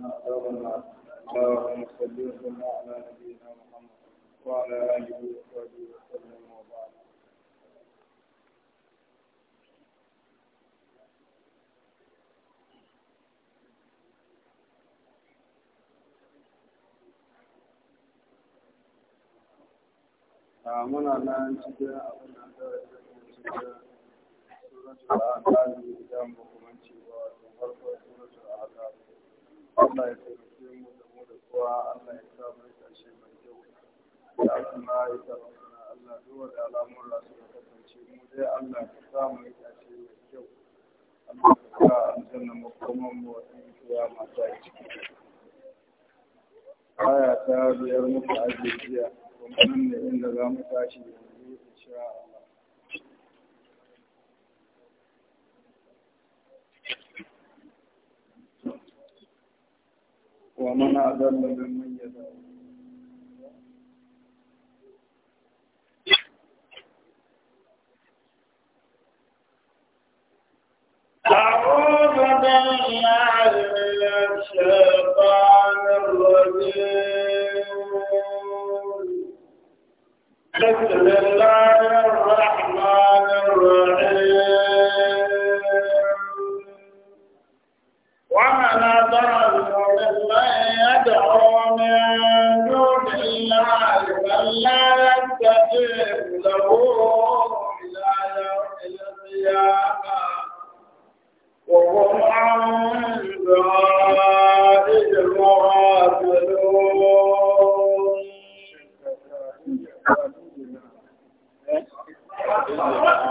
وقنا عذاب النار اللهم صل وسلم على نبينا محمد وعلى اله وصحبه وسلم وبارك muna nan cikin abin da ta cikin suratul al'adar da mu kuma cewa farko suratul al'adar Allah ya taimake mu da mu da kowa Allah ya sa mu ce mai kyau da kuma ya sa Allah duwa da alamun rasu da kasance mu dai Allah ya sa mu ce mai kyau Allah ya sa aljanna mu kuma mu wata kiyama ta ciki aya ta biyar muka ajiye jiya kuma nan ne inda zamu mu tashi da insha Allah ومن أضل ممن يدعو أعوذ بالله من الشيطان الرجيم بسم الله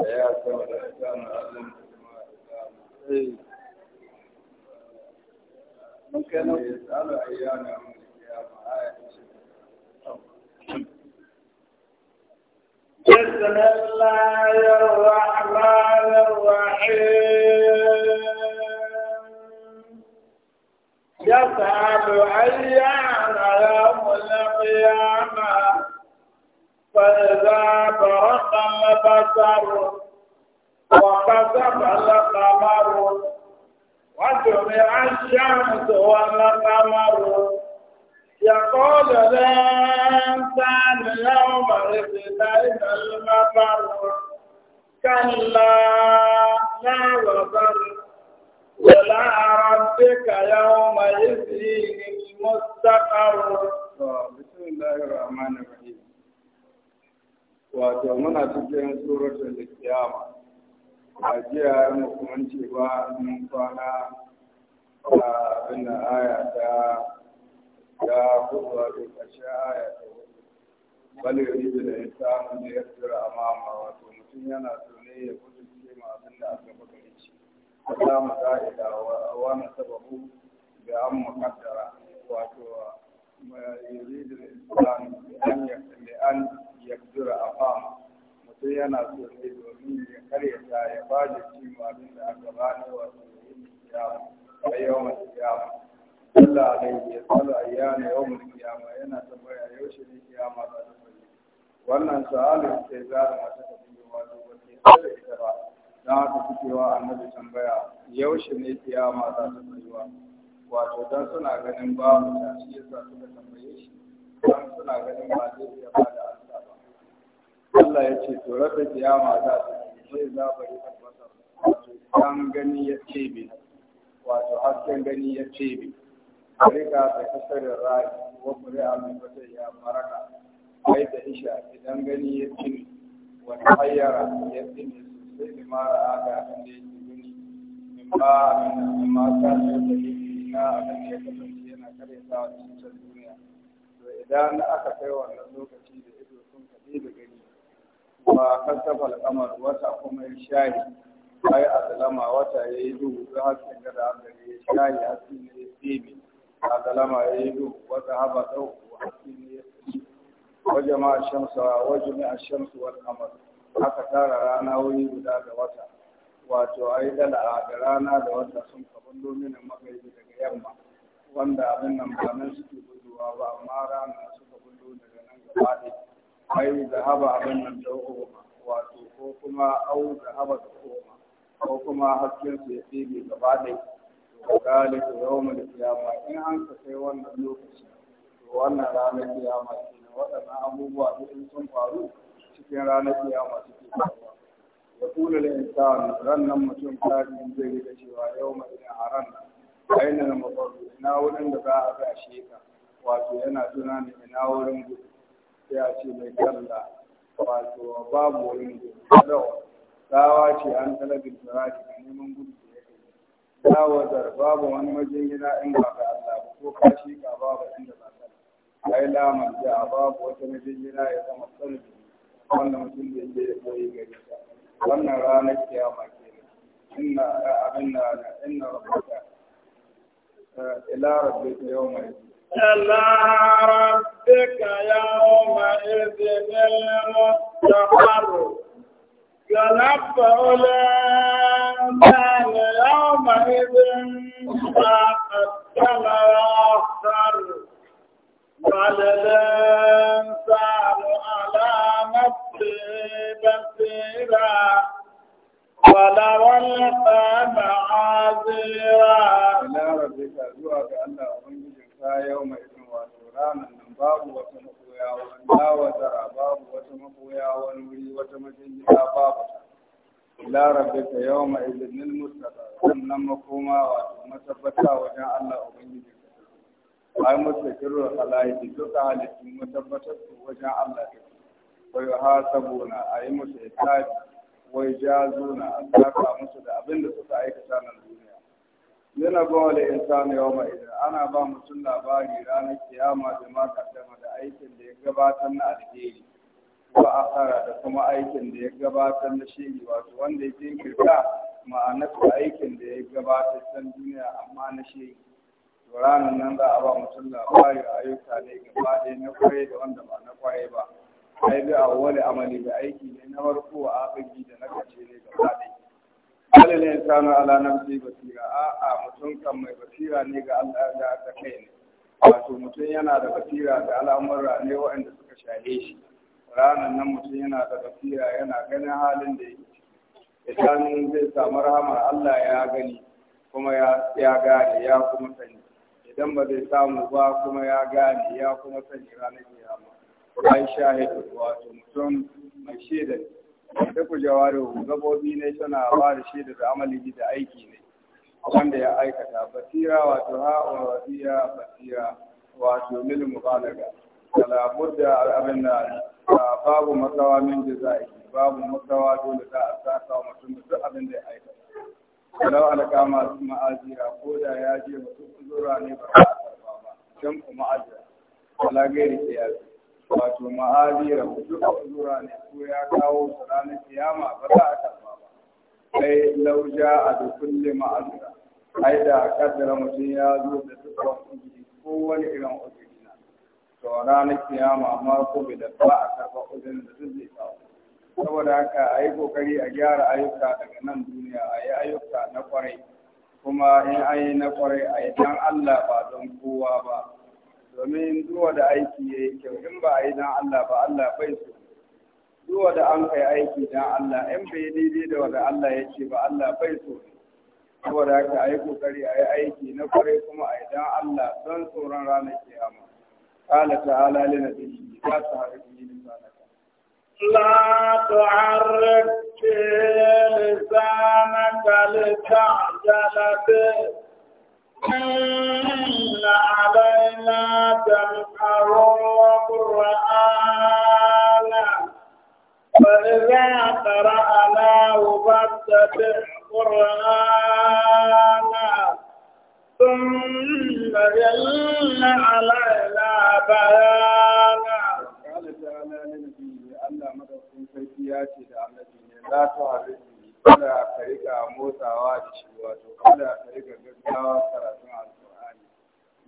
يا سوى الإنسان علم ممكن يسأل أيام يوم القيامة بسم الله الرحمن الرحيم يسأل أيام يوم القيامة فإذا برق البصر وخسف القمر وجمع الشمس والقمر يقول الإنسان يومئذ أين المفر كلا لا وزر إلى ربك يومئذ المستقر بسم الله الرحمن الرحيم wato muna cikin da kiyama a jiya mu kuma ba nan kwana a abin da aya ta ya hudu a ƙarshen aya ta hudu bale ribi da ya samu da ya tsira a mama wato mutum yana zaune ya gudu ce ma abin da aka buga ya ce za mu za'ida wa wani sababu da an kaddara wato ma yuri da yana so ne domin ya karyata ya ba da cewa abin da aka ba da wato yin kiyama a yawan kiyama Allah alaihi ya tsala ayyana yawan kiyama yana tambaya yaushe ne kiyama za ta faru wannan sa'alin sai za a mata ta biyo wato ba ke tsara ita ba don haka fitowa annabi tambaya yaushe ne kiyama za ta faruwa wato don suna ganin babu ta shi yasa suka tambaye shi don suna ganin ba zai iya ba da Allah ya ce to rasa kiyama za su sai za bari albasa wato kan gani ya ce bi? wato hasken gani ya ce bi? rika da kasarin rai wa ƙuri'a mai wata ya maraka kai da isha idan gani ya cime wata hayyara ya cime sai ni mara aga abin da yake gani min ba min ma mata da da yake na abin da ya kasance yana karyata wa cikin duniya to idan aka kai wannan lokaci da ido sun kaɗe da gani ba kasafa al'amar wata kuma ya shayi ai azalama wata ya yi duhu ta hasken gada a gari ya shayi haske ne ya tsebe azalama ya yi duhu wata haba ɗauku haske ne ya tsebe waje ma shamsa waje ne a shamsu wal kamar aka tara rana wuri guda da wata wato ai dala da rana da wata sun domin yamma wanda abin nan suke guduwa ba amma rana suka daga nan gaba ai zahaba abin nan dauko wato ko kuma au zahaba da koma ko kuma hasken su ya tsebe gaba ɗai to galika yawmul qiyama in an ka kai wannan lokaci to wannan ranar kiyama ne waɗannan abubuwa duk sun faru cikin ranar kiyama suke faruwa ya kula da ran rannan mutum tarihin zai da cewa yau mai ina a ran ainihin mafarko ina wurin da za a ga ka wato yana tunanin ina wurin gudu sai ce mai kalla wato babu wani kadawa tsawa ce an talabin tsara da neman gudu da ya kai da babu wani majin gida in ba ka Allah ba ko ka shi ka babu inda ba ka ai lamar da babu wata majin gida ya zama sarfi wannan mutum da ke ya koyi gari wannan ranar kiyama ke inna abin na inna rabbaka eh, ila rabbika yawma yadda إلى ربك يومئذ المستقر ينبأ الإنسان يومئذ ما قدم وأخر بل الإنسان على نفسه بصيرا ولو ألقى معاذيرا إلى ربك زوجك الله Ta yau mai irin wato ranar nan babu wata makoya wani dawazara babu wata makoya wani wuri wata majinjina babu ta. ila ta yau mai izinin mustaka sannan makoma wato matabbata wajen allah ubangiji ai musu mustaqiru alaihi duka halittu matabbatar su wajen allah ta wai ha hasabuna ayi musu hisabi wai jazuna na saka musu da abin da suka aikata nan duniya yana ba wani insan insani yau mai ana ba mutum labari ranar kiyama da ma kaddama da aikin da ya gabatar na alheri ko Asara da kuma aikin da ya gabatar na shiri wato wanda ya ma'anar da aikin da ya gabatar san duniya amma na shiri to ranar nan za a ba mutum labari ayyuka ne gaba ɗaya na kwaye da wanda ba na kwaye ba ai bi a wani amali da aiki ne na farko a akagi da na kace ne gaba ɗaya alal insanu ala nafsi basira A'a. sunkan mai basira ne ga Allah da kai ne wato mutum yana da basira da al'amura ne waɗanda suka shahe shi ranar nan mutum yana da basira yana ganin halin da yake idan zai samu rahama Allah ya gani kuma ya gane ya kuma sani idan ba zai samu ba kuma ya gane ya kuma sani ranar kiyama ai shahidu wato mutum mai shaidar da ku jawarin gabobi ne suna ba da shaidar da amali da aiki ne wanda ya aikata basira wato ha'un wasiya basira wato lil mubalaga kala budda al'abin da babu matsawa min jazai babu matsawa dole za a saka wa mutum duk abin da ya aikata kala alaka ma ma'azira ko da ya je mutum zura ne ba a ba can ku ma'azira kala gairi ya wato ma'azira duk zura ne ko ya kawo su ranar kiyama ba za a karba ba lauja a da kulle ma'azira ai da kaddara mutum ya zo da dukkan ujiri ko wani irin ujiri na to ranar kiyama amma ko bai da ba a karba ujirin da zai zai kawo saboda haka a yi kokari a gyara ayyuka daga nan duniya a yi ayyuka na kwarai kuma in an yi na kwarai a yi dan Allah ba don kowa ba domin zuwa da aiki ya yi kyau in ba a yi dan Allah ba Allah bai so zuwa da an kai aiki dan Allah in bai daidai da wanda Allah ya ce ba Allah bai so ne saboda haka a yi kokari a yi aiki na kwarai kuma a idan Allah don tsoron ranar kiyama qala ta'ala li nabiyyi la tuharrik bi lisanaka la tuharrik bi lisanaka li ta'jala bi إن علينا جمعه وقرآنه فإذا قرأناه فاتبع قرآنا ثم جل علينا بيانا قال تعالى لنبيه ألا مدى سنفيتياتي لأمني لا تعرفني kada ka riga motsawa da shi wato kada ka riga gaggawa karatun alƙur'ani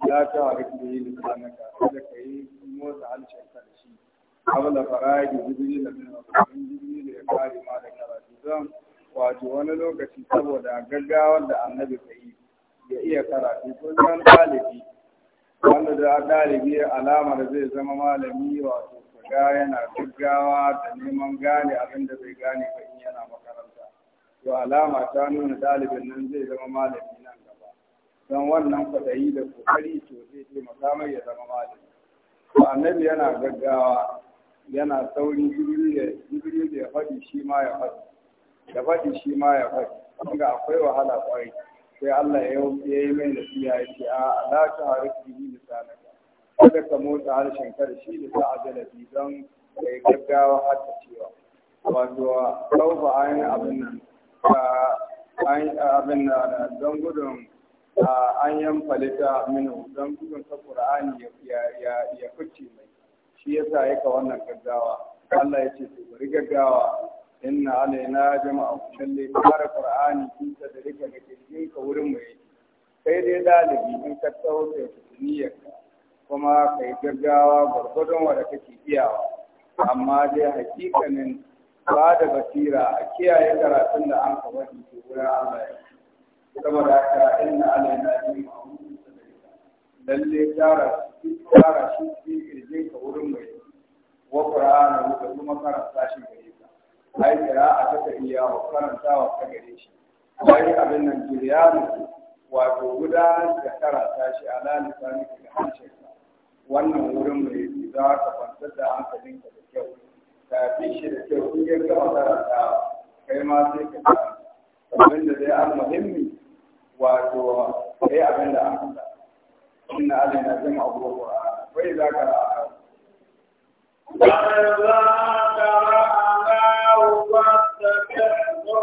ya ta harin da yi lisanaka kada ka yi motsa halshen ka da shi abla da jibiri da min wakilin da ya kare ma da karatu wato wani lokaci saboda gaggawar da annabi ta yi ya iya karatu ko san ɗalibi wanda da ɗalibi alamar zai zama malami wato ga yana gaggawa da neman gane abin da zai gane ba in yana makaranta to alama ta nuna ɗalibin nan zai zama malami nan gaba don wannan kwaɗayi da kokari to zai taimaka mai ya zama malami to annabi yana gaggawa yana sauri jibril ya faɗi shi ma ya faɗi da faɗi shi ma ya faɗi kuma akwai wahala kwai. sai Allah ya yi mai nasiha ya ce a la ta harifi ni lisanaka kada ka motsa harshen karshe da sa ajalabi don kai gaggawa har ta cewa wato kaufa ayin abin nan A abin na don gudun an yan falita minu don gudun ta ƙura'ani ya fice mai shi yasa yaka wannan gaggawa Allah ya ce bari gaggawa inna alaina jama'a lalle fara qur'ani kin ta da rika da kirkin ka wurin mu sai dai dalibi in ka tsawo da niyyarka kuma kai gaggawa gurgurdon wanda kake iyawa amma dai hakikanin ba da basira a kiyaye karatun da an kaba shi ke wurin Allah saboda haka inna alaina jama'a lalle tara tara shi kirkin ka wurin mu wa qur'ani da kuma karanta shi ai kira a ta iya wa karanta wa ta gare shi ai abin nan mutu, wato gudanar da karanta shi a lalisani daga harshen wannan wurin mai za ka kwantar da hankalinka da kyau ka fi shi da kyau in yi gama karanta kai ma sai ka karanta abin da zai an muhimmi wato kai abin da an kasa inna alaina jama'a zama qur'an wai za ka ra'a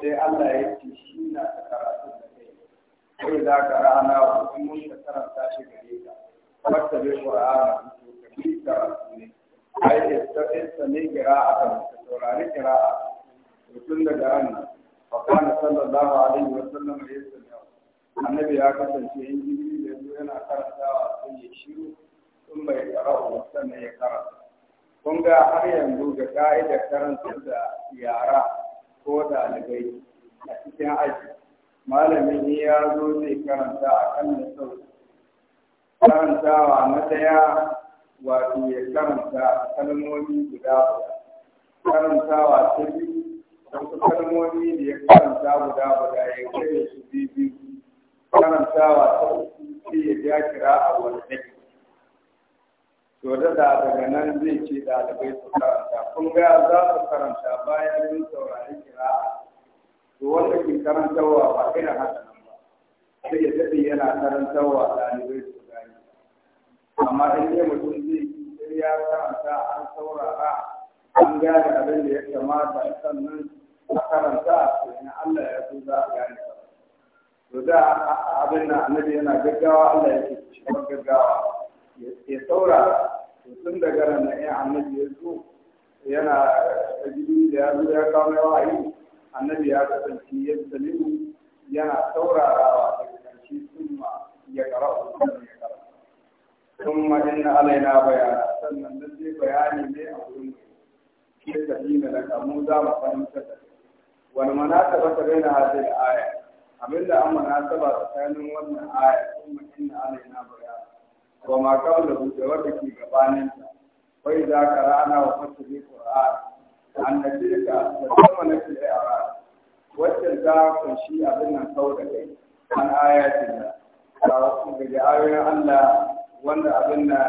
sai Allah ya ce shi na da karatun da kai Sai za ka rana wa in mun ta karanta shi gare ka wata bai qur'ana to ka bi karatu ne ai istaqisa ne kan ka saurari gira a tun daga ran fa kan sallallahu alaihi wa sallam ya sanya annabi ya kasance in jibril ya zo yana karantawa sai ya shiru sun bai qara'u sannan ya karanta kun ga har yanzu ga ka'idar karantar da yara ko ɗalibai a cikin aji malamin ya zo zai karanta a kan da sau karantawa na ɗaya wato ya karanta kalmomi guda guda karantawa ta biyu wasu kalmomi da ya karanta guda guda ya kai su biyu karantawa ta uku sai ya ja kira a wani ɗaya to da daga nan zai ce ɗalibai su karanta kun ga za su karanta bayan yin saurari kira. to wanda ke karantarwa ba irin haka nan ba sai ya tafi yana karantarwa ɗalibai su gani amma in mutum zai sai ya karanta an saurara an gane abin da ya kamata sannan a karanta to in Allah ya so za a gane to da abin nan annabi yana gaggawa Allah ya ce gaggawa ya saura tun daga nan na yan annabi ya zo yana jibin da ya zo ya kawo mai wa'ayi annabi ya kasance ya salimu yana saurarawa daga sun ma ya kara summa inna alaina bayana sannan na sai bayani ne a wurin ke tafina da kamu za mu fahimtar da wani mana ta bai na hadin aya abinda an manasaba tsakanin wannan aya summa inna alaina bayana wa ma qablahu da wanda ke gabanin ta za idza qara'na wa fasli qur'an an na tasammana fil i'rab wacce ta kunshi abin nan sau da kai an ayatin da daga ayoyin Allah wanda abin na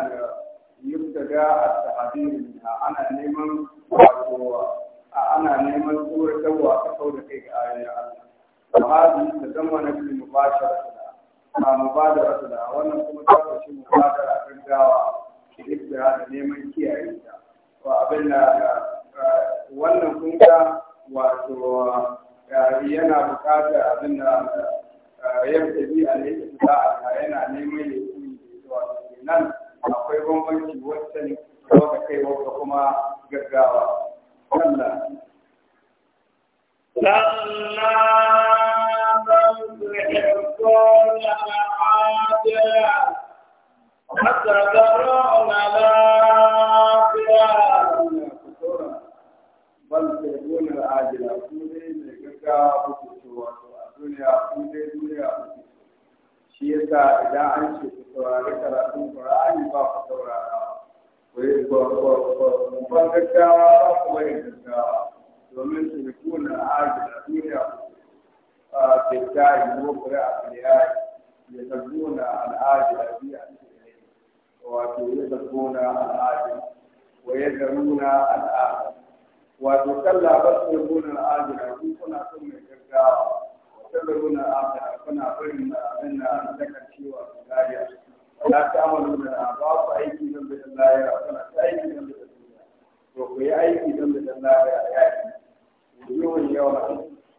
yubtaga at-tahdhir ana neman wato ana neman tsoratarwa ta sau da kai ga ayoyin Allah wa hadhihi tasammana fil mubashara a mubadara da wannan kuma ta fashi mubadara gaggawa ibtira da neman kiyaye ta wa abin da eh, wannan kun ga wato eh, yana buƙatar abin da yabtaji alaihi sa'a yana neman ya yi wato nan akwai bambanci wancan wata kai wata kuma gaggawa Allah Allah تكون حاجة وتذرون الآخرة بل تكون العاجلة كوني لكك بكتوة الدنيا كوني دنيا بكتوة shi yasa idan an ce ku saurari karatun Qur'ani ba ku saurara ku yi babban gaggawa ba ku bari gaggawa domin su yi kuna ajiyar duniya ku kyakkyawar yankura a filiyar ya zago na al'adu a biya ne wato ya zago na al'adu wa ya zaru na al'adu wato kan labarin zago na al'adu na su kuna son mai gaggawa wata zago na al'adu kuna barin da abin na an daga cewa su gariya na ba su aiki don bai dan a kuna ta aiki don bai dan layar to ku yi aiki don bai dan a yaki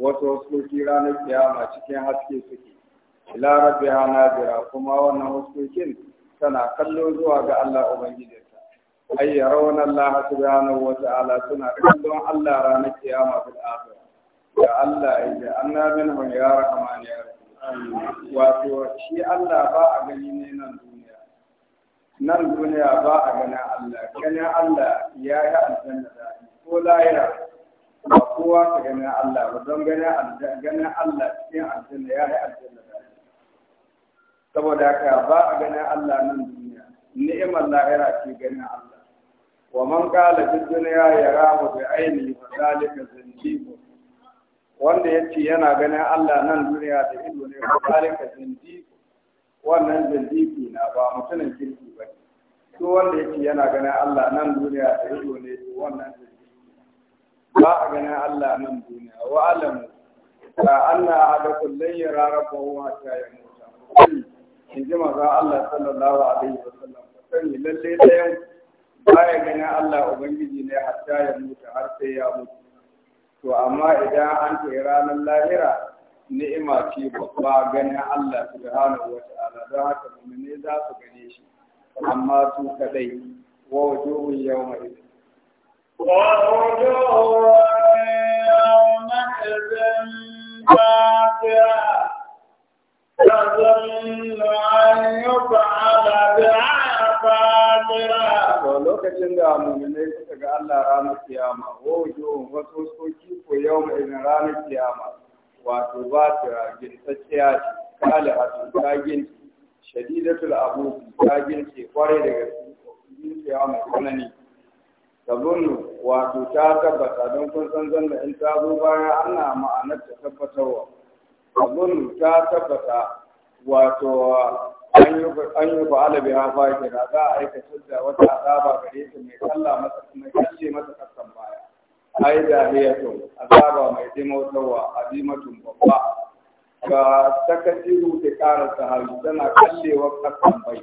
wasu huskoki ranar kiyama cikin haske suke ila rabbiha nazira kuma wannan huskokin tana kallo zuwa ga Allah ubangijinta ay yarawna Allah subhanahu wa ta'ala suna kallon Allah ranar kiyama fil akhirah ya Allah ya anna minhum ya rahman ya wato shi Allah ba a gani ne nan duniya nan duniya ba a gani Allah ganin Allah ya yi aljanna da ko ya kowa ka ganin Allah ba don ganin Allah cikin aljanna ya yi aljanna da saboda haka ba a ganin Allah nan duniya ni'imar lahira ce ganin Allah wa man qala fi dunya rahu bi aini wa zalika zindiqu wanda yace yana ganin Allah nan duniya da ido ne fa zalika zindiqu wannan zindiqu na ba mutumin kirki ba to wanda yace yana ganin Allah nan duniya da ido ne wannan zindiqu ba a ganin Allah nan duniya wa alamu Kullum anna ada kullun ta rabbahu mota. yamuta in ji maza Allah sallallahu alaihi wa sallam sani lalle Ba ya ganin Allah ubangiji ne har ta ya mota har sai ya mutu to amma idan an ce ranar lahira ni'ima ce ba ganin Allah subhanahu wa ta'ala don haka ne za su gane shi amma su kadai wa wujuhun yawma idin ووجوه lokacin da muminai suka ga Allah ranar kiyama ko yiwu wasu soki ko yau mai ranar kiyama wato ba ta gintacciya ce kale shadidatul abu kwarai da gaske mai tsanani tabun wato ta tabbata don kun san zanna in ta zo baya ana ma'anar ta tabbatarwa tabun ta tabbata wato an yi fa'ala bi hafa ke da za a aikata da wata azaba gare ta mai kalla masa mai kace masa kasan baya ai dahiyatun azaba mai dimautarwa azimatun babba ga takasiru ta ƙara sahabi tana kallewa kasan bai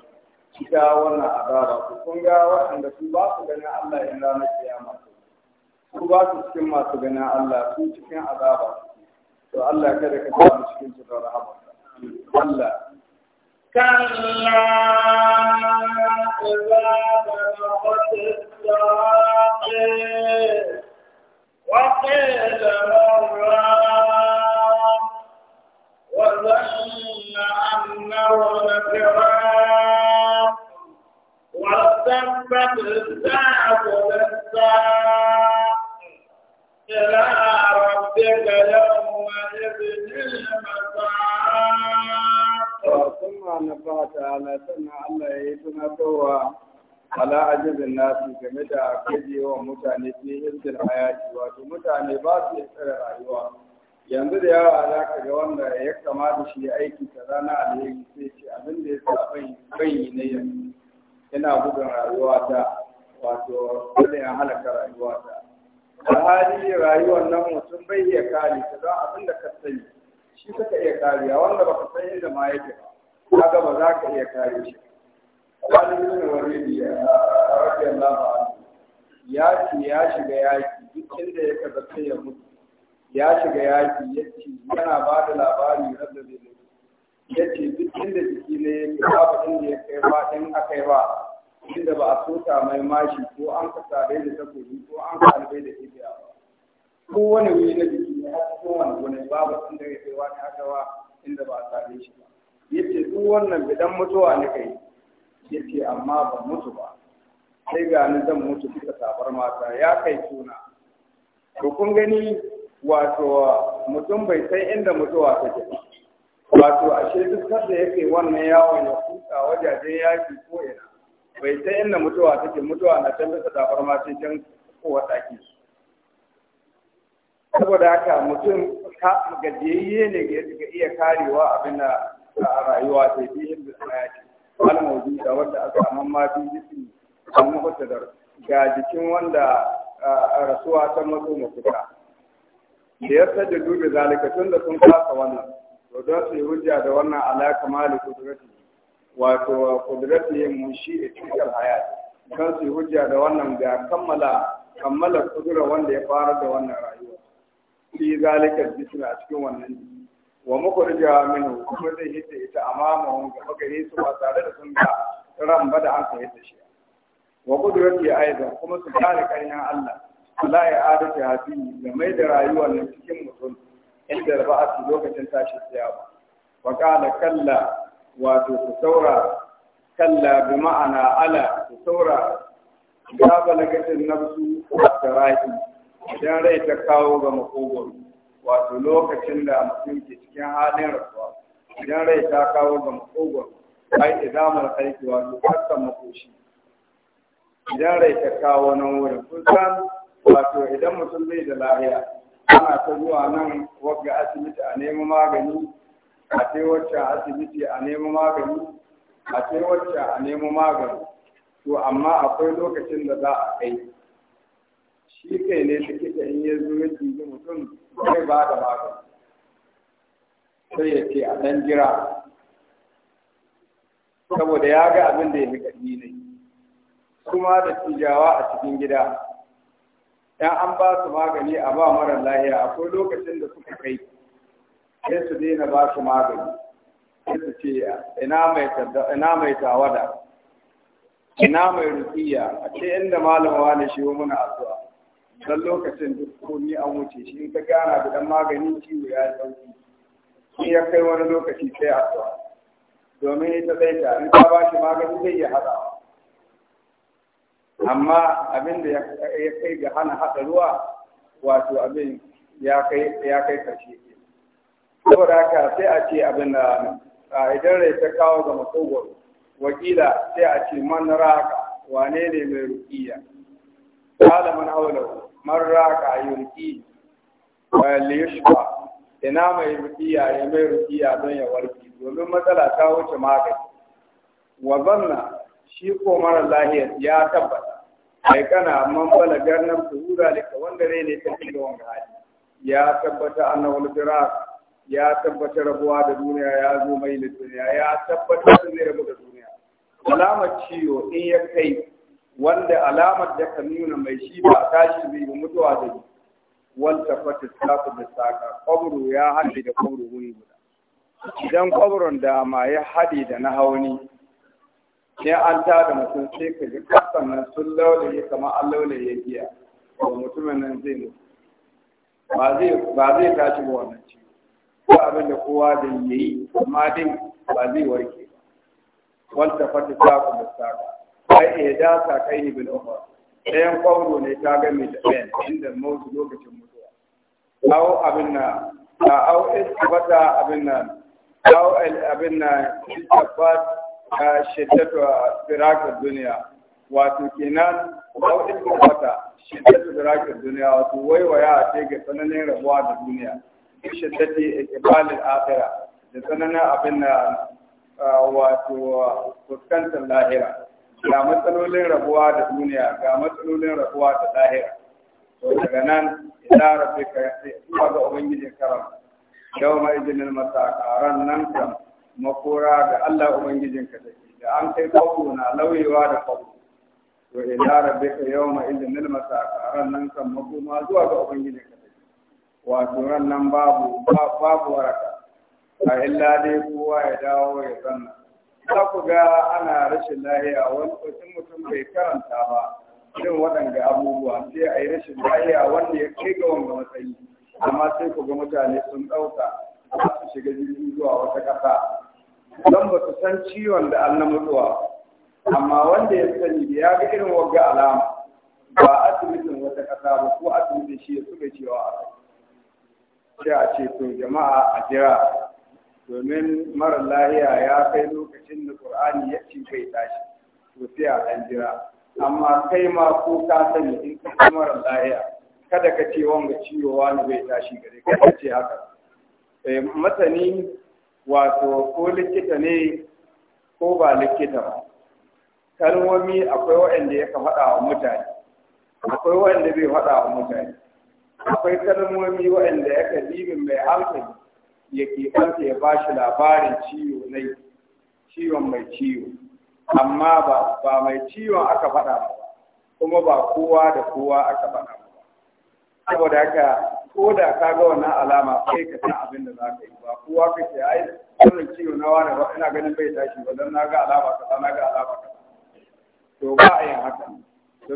ita wannan azaba ku kun ga waɗanda su ba su ganin Allah in ranar kiyama su ba su cikin masu ganin Allah su cikin azaba to Allah kada ka ba mu cikin su da rahama Allah كلا إذا بلغت الساق وقيل مرام وظن أنه نكران تبت الساعة والساعة إلى ربك يومئذ المساق ثم نبه ala ajibin nasu game da wa mutane fi hizbin hayati wato mutane ba su yi tsare rayuwa yanzu da yawa za ka ga wanda ya kamata shi aiki kaza na alheri sai ce abin da ya sa bai yi na yanzu ina gudun rayuwata wato dole ya halaka rayuwata hali rayuwar nan mutum bai iya kare ta don abin da ka sani shi kaka iya kariya wanda baka san inda ma yake ba kaga ba za ka iya kare shi wani biya a radiyallahu lafa ya ce ya shiga yaki duk inda ya kaza ya mutu ya shiga yaki ce yana ba da labari da zai ya ce duk inda jiki ne ya ke babu inda ya kai ba in aka yi ba inda ba a soka mai mashi ko an ka sare da takobi ko an ka albai da ibiya ko wani wuri na jiki ne har cikin wani gune babu inda ya kai wani aka ba inda ba a sare shi ba ya ce duk wannan bidan mutuwa ne kai ya ce amma ba mutu ba sai ga ni zan mutu kika sabar mata ya kai suna to kun gani wato mutum bai san inda mutuwa take ba wato ashe duk da yake wannan yawon ya kuka wajajen yaki ko ina bai ta inda mutuwa take mutuwa na can bisa tafar ma sai can wata take saboda haka mutum gajiyayye ne ga iya karewa abin da a rayuwa sai fi hindu suna yaki almauji da wanda aka samu ma fi jisi an da ga jikin wanda rasuwa ta maso mutuka da ya da dubi zalika tun da sun kasa wannan to don su yi hujja da wannan alaka mali kudurati wato kudrati mun shi da cikin hayat don su yi hujja da wannan ga kammala kammala kudura wanda ya fara da wannan rayuwa fi zalikar jismi a cikin wannan jiki wa mukhrija minhu kuma zai hidda ita amama ga magare su ba tare da sun ga ran ba da an ka hita shi wa kudrati aidan kuma su kare karyan Allah ala ya adata hafi ga mai da rayuwar cikin mutum inda raba'ati lokacin tashi ba, wa qala kalla wato su saura kalla bi ma'ana ala su saura ya balagatin nafsu tarahi idan rai ta kawo ga makogoro wato lokacin da mutum ke cikin halin rasuwa idan rai ta kawo ga makogoro ai idamar aiki wato kasan makoshi idan rai ta kawo nan wurin kun san wato idan mutum bai da lahiya ana ta zuwa nan wadda asibiti a neman magani a ce wacce asibiti a neman magani a ce wacce a neman magani to amma akwai lokacin da za a kai shi kai ne likita in ya zo ya mutum zai ba da magani sai ya ce a ɗan jira saboda ya ga abin da ya fi ƙarfi ne kuma da tijawa a cikin gida ya an ba su magani a ba mara lahiya akwai lokacin da suka kai sai su daina ba su magani sai su ce ina mai tawada ina mai rufiya? a ce inda malama ne shi muna asuwa. dan lokacin duk komi an wuce shi in ka gana da dan magani ciwo ya sauki in ya kai wani lokaci sai asuwa. domin ita zai ta in ka ba shi magani zai iya hadawa amma abin da ya kai ga hana haɗa ruwa wato abin ya kai karshe ke saboda haka sai a ce abin da a idan rai ta kawo ga makogwaro wakila sai a ce man raka wane ne mai rukiya kala man haula man raka yurki liyushba ina mai rukiya ya mai rukiya don ya warki domin matsala ta wuce magani wa zanna shi ko mara lahiyar ya tabbata ai kana man bala garnan tuhura lika wanda rai ne tafi da wanga hali ya tabbata annawul firas ya tabbata rabuwa da duniya ya zo mai da duniya ya tabbata sun rabu da duniya alamar ciwo in ya kai wanda alamar da ka nuna mai shi ba a tashi zai yi mutuwa da yi wanda fata tafi da saka kwabro ya haɗe da kwabro wuri guda idan kwabron da ma ya haɗe da na hauni sai an ta da mutum sai ka ji kasan nan sun laulaye kamar an laulaye giya ba mutumin nan zai mutu ba zai tashi ba wannan ciwo ko abin da kowa da ya yi amma dai ba zai warke ba wanda fata ta ku da saka eh, kai ya dasa kai ni bin umar ɗayan kwamro ne ta ga da ɗayan inda mawuzu lokacin mutuwa kawo abin na a au iska abin na kawo abin na iska a shiddatu firakin duniya wato kenan nau'in wata shiddatu firakin duniya wato waiwaya a ce ga tsananin rabuwa da duniya shiddati ikibalin akhira da tsananin abin da wato fuskantar lahira ga matsalolin rabuwa da duniya ga matsalolin rabuwa da lahira to daga nan ila rabbika zuwa ga ubangijin karam yau ma idinil masakaran nan kam makora da Allah ubangijin ka ke da an kai kawo na lauyewa da kawo to ila rabbika yawma idhin lil masaka ran nan kan makoma zuwa ga Ubangijinka da ke wato ran nan babu babu waraka a illa dai kowa ya dawo ya zanna za ku ga ana rashin lahiya wani mutum bai karanta ba irin waɗanda abubuwa sai a yi rashin lahiya wanda ya kai ga wanga matsayi amma sai ku ga mutane sun ɗauka za su shiga jirgin zuwa wata ƙasa don ba su san ciwon da an na amma wanda ya sani da ya ga irin wagga alama ba asibitin wata kasa ba ko asibitin shi ya suka cewa a sai a ce to jama'a a jira domin mara lahiya ya kai lokacin da ƙur'ani ya ci bai tashi to sai a ɗan jira amma kai ma ko ka sani in ka kai mara lahiya kada ka ce wanga ciwo wani bai tashi gare ka ce haka eh, masani wato ko likita ne ko ba likita ba kalmomi akwai waɗanda ya faɗa wa mutane akwai waɗanda bai faɗa wa mutane akwai kalmomi waɗanda ya ka dibin mai hankali ya ɓanta ya ba shi labarin ciwo nai ciwon mai ciwo amma ba mai ciwon aka faɗa ba kuma ba kowa da kowa aka faɗa ba saboda haka ko da ka ga wannan alama sai ka san abin da za ka yi ba kowa ka ce ai wannan ciwo na wani ba ina ganin bai tashi ba don na ga alama ka na ga alama ka to ba a yin haka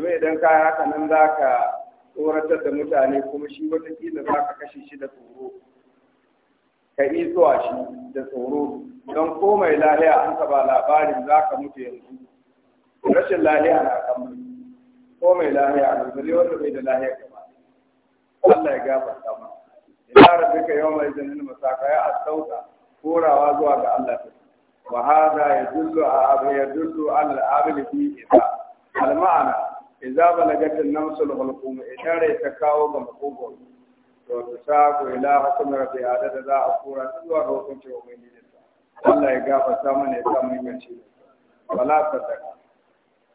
me idan ka yi haka nan za ka tsoratar da mutane kuma shi watakila za ka kashe shi da tsoro ka yi zuwa shi da tsoro don ko mai lahiya an ba labarin za ka mutu yanzu rashin lahiya na kan ko mai lahiya a wanda bai da lahiya Allah ya gafarta ma ina rabbika yawma idhin masaka ya asauta korawa zuwa ga Allah wa hada yadullu abu yadullu ala al-abli fi ida al-ma'ana idza balagat an nafs al ghulqum idare ta kawo ga makogo to ta sako ila hukum rabbi hada da za a kora zuwa ga hukuncin ubangiji Allah ya gafarta mana ya samu inganci wala sadaka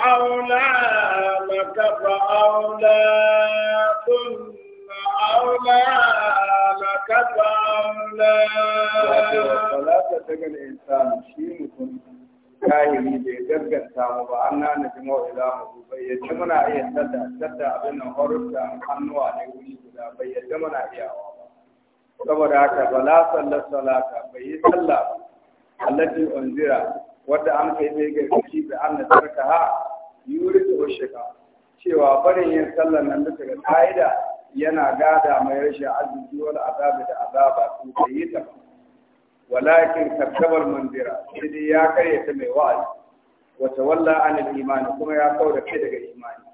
أولى لك فأولى ثم أولى لك فأولى ولا تدق الإنسان شيء مثل kahiri bai gaggasta mu ba an nana jimo ila mu bai ya yadda muna iya sadda sadda abin nan horufta hannuwa ne wuri guda bai ya yadda muna iya iyawa ba saboda haka bala sallar salata bai yi sallah ba allati unzira wadda an kai mai gargaci da an nasarka ha yuri da washika cewa barin yin sallar nan bisa ga ka'ida yana gada mai rashin arziki wal azabi da azaba su da yi ta walakin kakkabar mandira sai ya karya ta mai wa'azi wata walla anil imani kuma ya kau da kai daga imani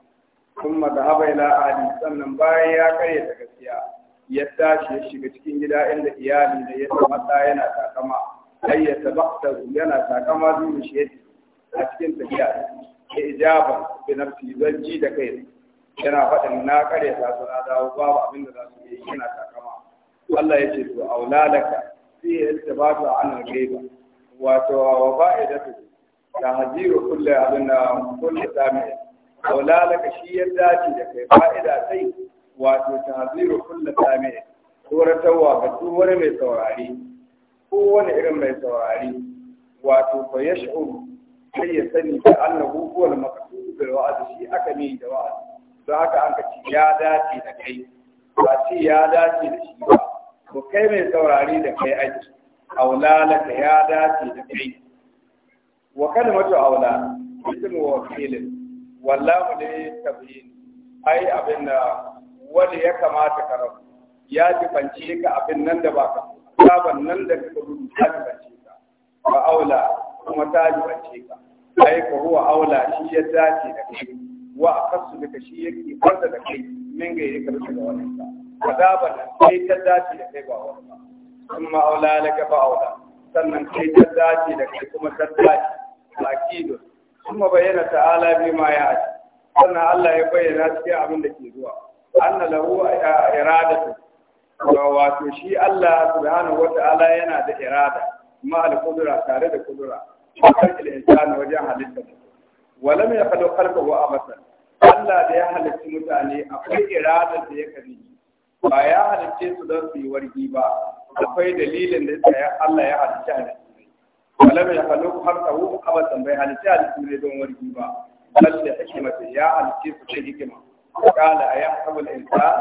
kuma da haɓa ila ali sannan bayan ya karya ta gaskiya ya tashi ya shiga cikin gida inda iyali da ya tsamata yana takama ayyata ya yana takama zuwa shi a cikin tafiya Ka ijaba bi nafsi zanji da kai yana faɗin na kare ta su na dawo babu abin da za su yi yana takama Allah ya ce to aulalaka fi istibatu an al-ghaiba wato wa fa'idatu da hadiru kulli abin da kullu sami'a aulalaka shi ya dace da kai fa'ida sai wato tahziru kullu sami'a tsoratarwa ga duk mai saurari ko wani irin mai saurari wato fa yash'uru sai ya sani da annahu huwa al-maqsud bil wa'd shi aka ne da wa'd to haka an kace ya dace da kai ba ce ya dace da shi ba ko kai mai saurari da kai aiki aulala ka ya dace da kai wa kalmatu aula ismu wakilin wallahu ne tabyin ai abin da wani ya kamata ka rabu ya jibance ka abin nan da ba ka saban nan da ka rubuta ta jibance ka ba aula kuma ta jibance ka ai fa huwa aula shi ya dace da kai wa akasu da shi yake farda da kai min ga yake da daga wannan ka azaban nan sai ta dace da kai ba wani ba amma aula laka ba aula sannan sai ta dace da kai kuma ta dace akidu kuma bayyana ta'ala bi ma ya ci sannan Allah ya bayyana cikin abin da ke zuwa anna lahu iradatu wato shi Allah subhanahu wata'ala yana da irada ma al-qudra tare da qudra a karkar insani wajen halitta walam ya kalu karkahu abatan Allah da ya halitta mutane akwai iradar da ya kare ba ya halitta su don su yi wargi ba akwai dalilin da ya Allah ya halitta halittu ne walam ya kalu karkahu abatan bai halitta halittu ne don wargi ba bal da hikimata ya halitta su da hikima qala ya al-insan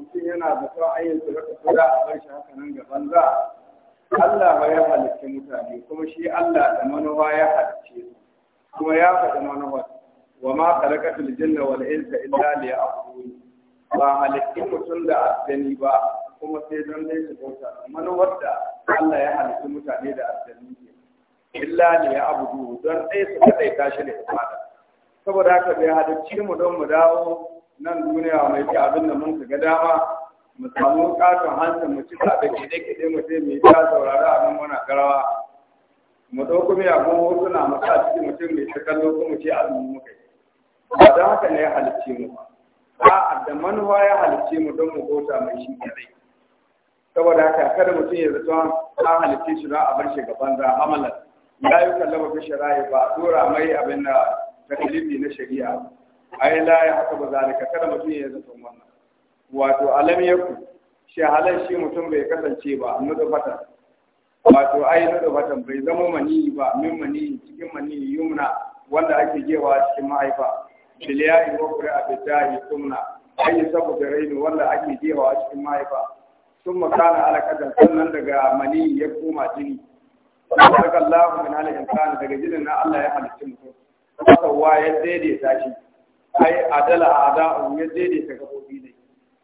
yana da sa ayyan su raka koda a bar shi haka nan ga banza Allah ba ya halicci mutane kuma shi Allah da manowa ya halicce su kuma ya faɗi manufa wa ma khalaqatul jinna wal insa illa liya'budun ba halittin mutum da aljani ba kuma sai don dai su bauta manowar da Allah ya halicci mutane da aljani ke illa liya'budun don dai su kadaita shi da ibada saboda haka bai halicci mu don mu dawo nan duniya mai ci abin da mun ga dama mu samu katon hanta mu ci da ke kide mu sai mu yi ta a abin muna garawa mu ɗauko ya go wasu na mu sa mutum mai ta kallo kuma mu ce a muka yi ba don haka ne ya halicce mu a'a da manuwa ya halicce mu don mu bauta mai shi kadai saboda haka kada mutum ya zato a halicce shi don a bar shi ga banza amalan ya yi kallaba fi shara'i ba dora mai abin da takalifi na shari'a ai la ya haka ba zalika kada mutum ya zato wannan wato alam yaku shi halar shi mutum bai kasance ba nudufatan wato ai nudufatan bai zama mani ba min mani cikin mani yumna wanda ake gewa cikin mahaifa yi wa kuri abitahi tumna ai saboda raini wanda ake gewa cikin mahaifa sun makana alakadar sannan daga mani ya koma jini Barka Allah min halin insani daga jinin na Allah ya halicci mutum. Kasawa ya daidaita shi. Ai adala a da'u ya daidaita gabobi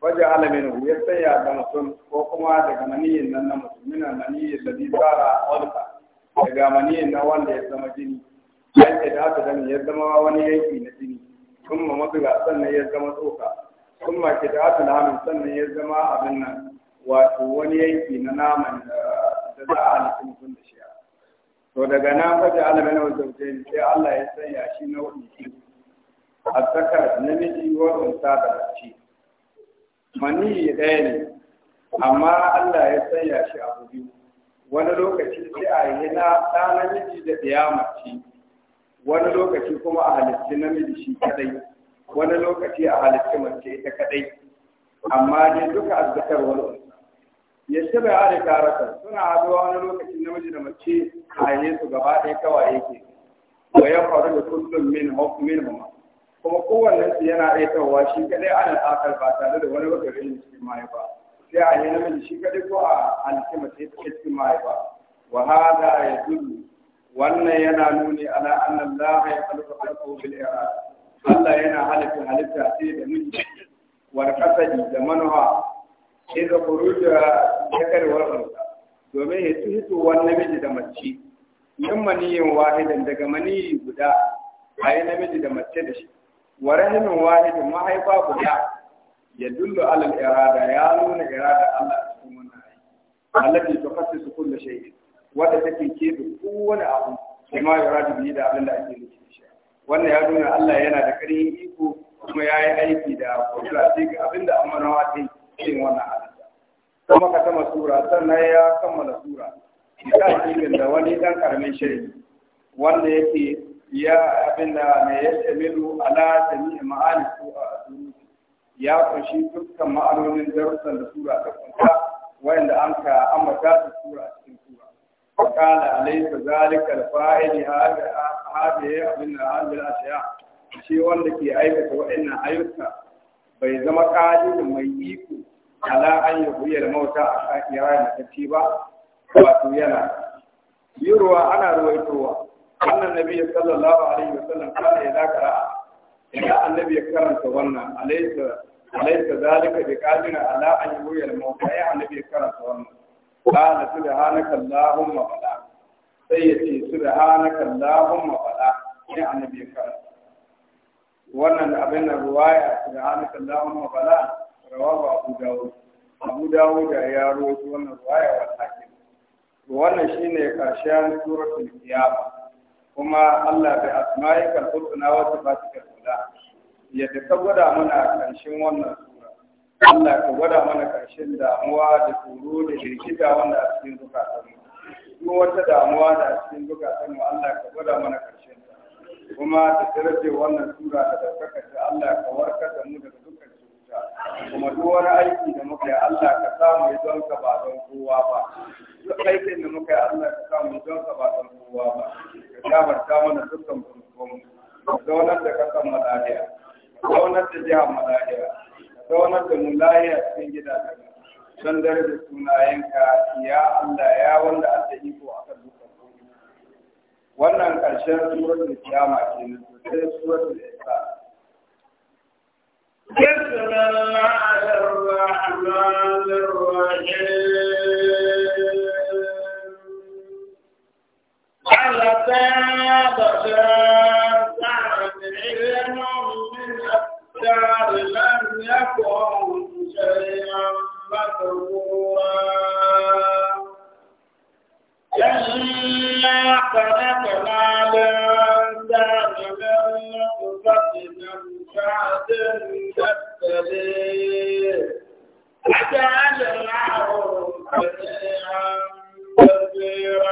waje alamin hu ya tsaya da mutum ko kuma daga maniyin nan na mutum mina maniyin da zai a walka daga maniyin na wanda ya zama jini yanke da haka ya zama wani yanki na jini sun ma mazuga sannan ya zama tsoka sun ma ke da haka namin sannan ya zama abin nan wato wani yanki na naman da za a halittu mutum da shiya to daga nan waje alamin hu zaujen sai Allah ya sanya shi na wani a tsakar namiji wa da mace maniyi ɗaya ne amma Allah ya sanya shi a biyu wani lokaci sai a yi na ɗa namiji da ɗaya mace wani lokaci kuma a halitta namiji shi kadai wani lokaci a halitta mace ita kadai amma dai duka azzakar wani ya ce bai ari karata suna haɗuwa wani lokaci namiji da mace a yi su gaba ɗaya kawai yake wa ya faru da kullum min hukumin huma kuma kowanne su yana aikawa shi kadai ana akar ba tare da wani wata rashin cikin ba sai a yi namiji shi kadai ko a alkima sai cikin ba wa hada ya zuru wannan yana nuni ala anna Allah ya halaka halqahu bil irad Allah yana halitta halitta sai da miji wani qasadi da manuwa sai da kuruja ya karwar ranka domin ya tuhito wannan miji da mace yin maniyin wahidan daga maniyi guda a yi namiji da mace da shi wa rahimin wahidin mahaifa guda ya dullu alal irada ya nuna irada Allah a cikin wannan aiki allati tufassisu kullu shay'in wanda take kebe kowane abu kuma irada bi da abin da ake nufi shi wannan ya nuna Allah yana da ƙarfin iko kuma ya yi aiki da kudura sai ga abinda da amanawa ta yi wannan halitta kuma ka sama sura sannan ya kammala sura ta da wani dan karamin shiri wanda yake ya abin da mai yadda milu ala jami'a ma'ani su a ya kunshi dukkan ma'anonin darussan da sura ta kunta wayanda an ka ambata su sura a cikin sura فقال أليس ذلك hada هذا هذه من هذه الأشياء shi wanda ke aikata waɗannan ayyuka bai zama ƙalilin mai iko ala an yi mauta a kan da matacci ba wato yana yi ruwa ana ruwaitowa wannan nabi sallallahu alaihi wasallam kana ya zakara idan annabi ya karanta wannan alaysa alaysa zalika bi qadir ala an yuya al mawt ay annabi ya karanta wannan qala subhanaka allahumma bala sai ya ce subhanaka allahumma bala sai annabi ya karanta wannan abin da ruwaya subhanaka allahumma bala rawahu abu dawud abu dawud ya rawaito wannan ruwaya wa hakim wannan shine karshen suratul qiyamah kuma Allah bai asma'i kan husna wa sifati kan yadda ka gwada mana karshen wannan sura Allah ka gwada mana karshen damuwa da tsoro da jirkita wanda a cikin zukatan mu duk wata damuwa da a cikin zukatan mu Allah ka gwada mana karshen kuma da darajar wannan sura da daukaka ta Allah ka warkar da mu daga duk kuma duk wani aiki da muka yi Allah ka samu ya don ka ba don kowa ba duk aikin da muka yi Allah ka samu ya don ka ba don kowa ba ka ta mana dukkan Ka zaunar da kasan Ka zaunar da jihar Ka zaunar da mu lahiya cikin gidajen don dare da sunayenka ya Allah ya wanda aka iko akan dukkan wannan ƙarshen surar da kiyama kenan sai surar da ya sa بسم الله الرحمن الرحيم على بشر علم من أبشار لم يكن شيئا مذكورا إنا خلقنا شعب كالسليم أجعل الله سميعا بصيرا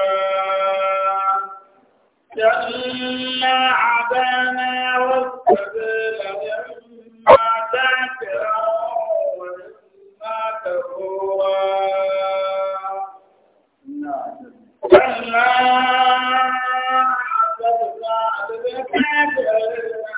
جل عبانا والسبيل إما ذاكرا وإما كفورا كلا بل بعد ذكر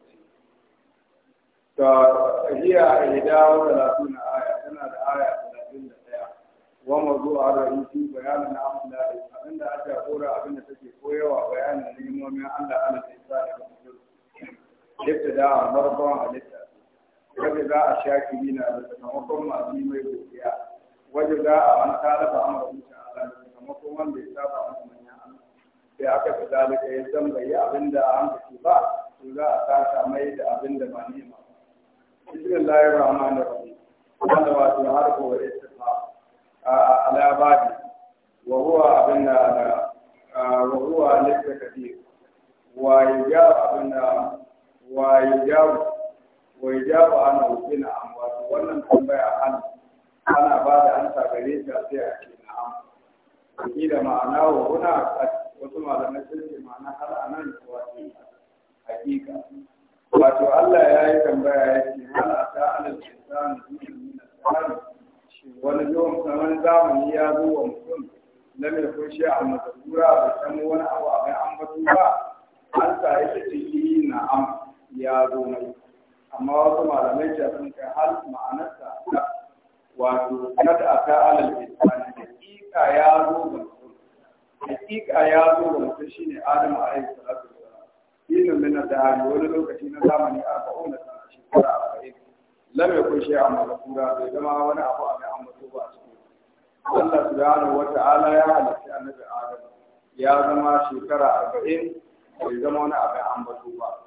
to hiya ihda wa talatuna aya tana da aya 31 wa mawdu'a ra'isi bayanin amla abinda aka kora abinda take koyawa bayanin nemomin Allah Allah ta isa da mutum ibtida'a marfan halitta wajen za a shaki nina da sakamakon masu yi mai wajen za a an talaba amara mutum Allah da sakamakon wanda ya saba masa manyan Allah sai aka fi zalika ya zamba yi abinda an ba to za a saka mai da abinda ba nema bismillahir rahmanir rahim wanda wato harko wa istifham ala badi wa huwa abin da wa huwa laysa kadir wa yajab abin da wa yajab wa yajab ana ukina amwatu wannan tambaya an ana ba da ansa gare ta sai a ce na'am kila ma'ana wa wasu malamai sun hakika wato Allah ya yi tambaya ya ce hal ata alal insani dukin na asfari shi wani yawan saman zamani ya zo wa mutum na mai shi a mazkura ba san wani abu a mai ambato ba an sa yake ciki eh, na am ya zo mai amma wasu malamai ce sun kai hal ma'anarsa wato kad ata alal insani hakika ya zo ga mutum hakika ya zo ga mutum shine Adamu alaihi salam sinin min da hali wani lokaci na zamani arba'un na sana shekara arba'in lam a shay'an mazkura bai zama wani abu a mai ba a cikin Allah subhanahu wata'ala ya halarci annabi Adam ya zama shekara arba'in bai zama wani abu a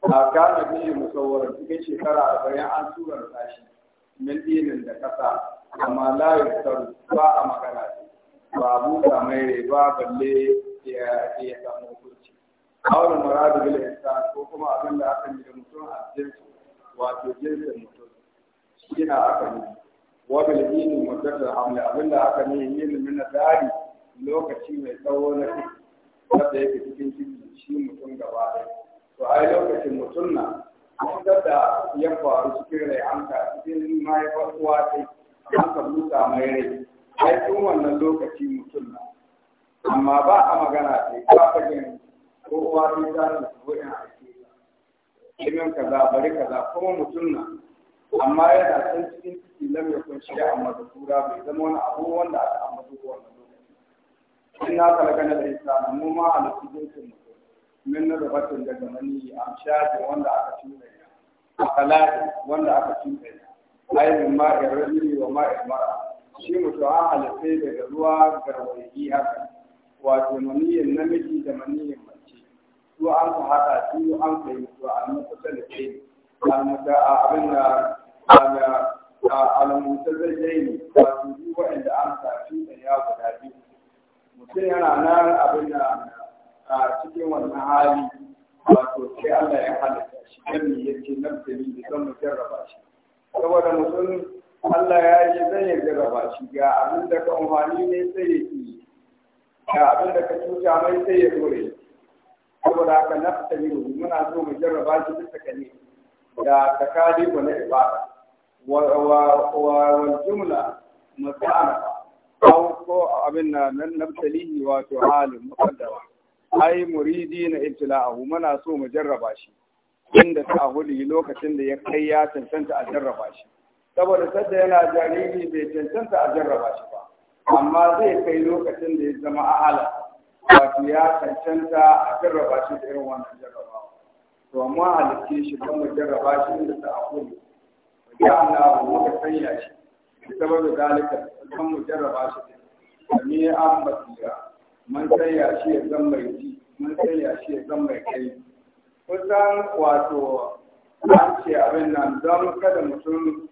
ba a kana biyu musawwar cikin shekara arba'in an tashi min da kasa amma la ba a magana ba balle ya samu kawai muradu bil insan ko kuma abin da aka yi da mutum a jinsu wato jinsin mutum shi na aka yi wa bil ilmi da hamle abin da aka yi yin min dari lokaci mai tsawo na ciki wanda yake cikin ciki shi mutum gaba ɗaya to ai lokacin mutum na cutar da ya faru cikin rai an ka cikin mahaifar uwa sai an ka busa mai rai ai tun wannan lokaci mutum na amma ba a magana sai ba fagen ko uwa sai za su shigo in aike ka kimin kaza bari kaza kuma mutum na amma yana san cikin ciki lam yakun shay'a madhkura bai zama wani abu wanda aka ambato ko wannan lokaci in na kalaka na insana mu ma a lokacin mutum min na rubatun daga mani amshaji wanda aka cuta ya akalati wanda aka cuta ya ainihin ma'in rajuli wa ma'in mara shi mutum an halittai daga ruwa garwayi haka wato maniyan namiji da maniyan maniyin su an ka haɗa su an ka yi su al-mutasallihin al a abin da zai al-mutasallihin wato su waɗanda an ka su da ya guda biyu mutum yana nan abin da a cikin wannan hali wato sai Allah ya halitta shi dan me yake nan da ni da mu jarraba shi saboda mutum Allah ya yi zai ya jarraba shi ga abin da ka amfani ne sai ya yi ga abin da ka tuta mai sai ya dore saboda haka na tsayiru muna so mu jarraba shi bisa kane da takalifu na ibada wa jumla muta'ala aw ko abin nan nan nabtalihi wato halin muqaddara ai muridi na ibtila'ahu muna so mu jarraba shi inda ta ahuli lokacin da ya kai ya cancanta a jarraba shi saboda sadda yana jariri bai cancanta a jarraba shi ba amma zai kai lokacin da ya zama a a'ala wato ya cancanta a jarraba shi da irin wannan jarraba to amma halitta shi don mu jarraba shi inda ta akuli ya Allah mu ka sanya shi da saboda dalika don mu jarraba shi da me an basira man sanya shi ya zan mai ji man sanya shi ya zan mai kai kusan wato an ce abin nan don kada mutum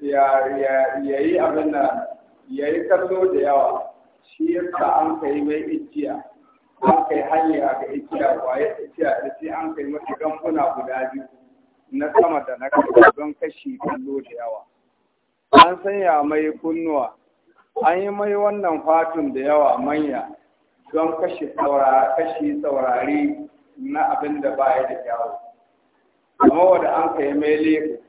ya yi abin nan ya yi kallo da yawa shi yasa an kai mai ijiya an kai hanya ga ikiya kwayar a da sai an kai mata gambuna guda biyu na sama da na kasa don kashi kallo da yawa an sanya mai kunnuwa an yi mai wannan fatun da yawa manya don kashi saurari na abin da ba ya da kyawu amma wanda an kai mai leko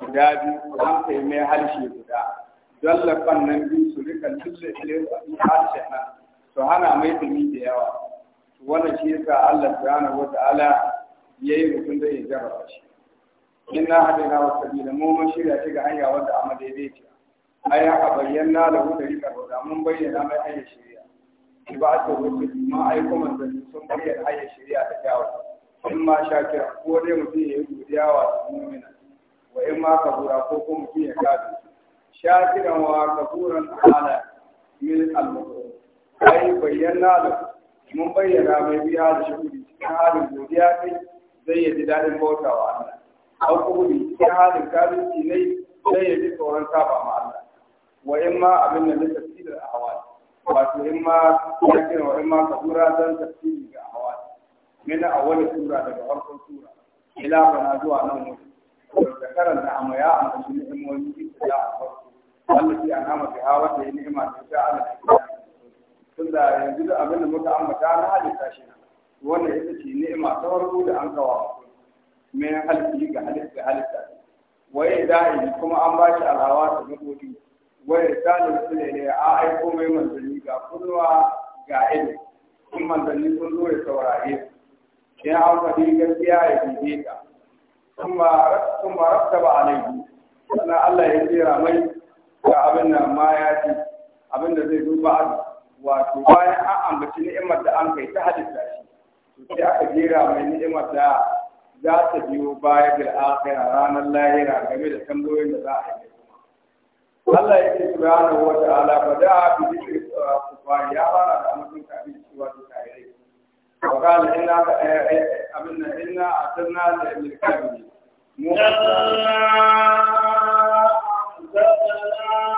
guda biyu an kai mai harshe guda don lafan nan biyu su rika lullube harshe nan to ana mai tumi da yawa wannan shi yasa Allah subhanahu wata'ala yayi mutum da ya jarraba shi inna hadina wa sabila mu mun shirya shi ga hanya wanda amma daidai ce ai haka bayyana da wuta rika da mun bayyana mai hanya shirya ki ba ta wuce ma ai kuma da sun bayyana hanya shirya da kyawu in ma shakira ko dai mutum ya yi godiya wa mu'mina wa in ma kabura ko kuma mutum ya gado shakiran wa kaburan ala min al ai bayyana da mun bayyana mai biya da shukuri cikin halin godiya kai zai yi daɗin bautawa Allah an kuɗi cikin halin kalinci ne zai yi ji tsoron saba ma Allah wa in ma abin da na tafsirin ahwal wato in ma ya kira wa in ma tura dan tafsiri ga ahwal min wani tura daga farkon tura. ila bana zuwa nan mutum da karanta amma ya ambaci ni'imomi da ya ambaci wanda ke anama da hawa da ya ni'ima da ta Allah tunda yanzu da abin da muka ambata na halitta shi nan wannan ita ce ni'ima ta farko da an kawo min halitta ga halitta halitta waye da'i kuma an ba shi alawa ta gabodi waye salim ne a aiko mai manzanni ga kunnuwa ga ilmi kun manzanni sun zo ya saurare su in an faɗi gaskiya ya bibe ka sun ba rafta ba alaihi sannan Allah ya jera mai ga abin nan ma ya ce abin da zai duba wato bayan an ambaci ni'imar da an kai ta halitta shi sai aka jera mai ni'imar da za ta biyo baya bil akhira ranar lahira game da tambayoyin da za a yi Allah ya ce subhanahu wa ta'ala fa da bi dhikri kufar ya fara da ka bi cewa ta kai wa qala inna eh, eh, abinna inna atanna da kafirin mu Allah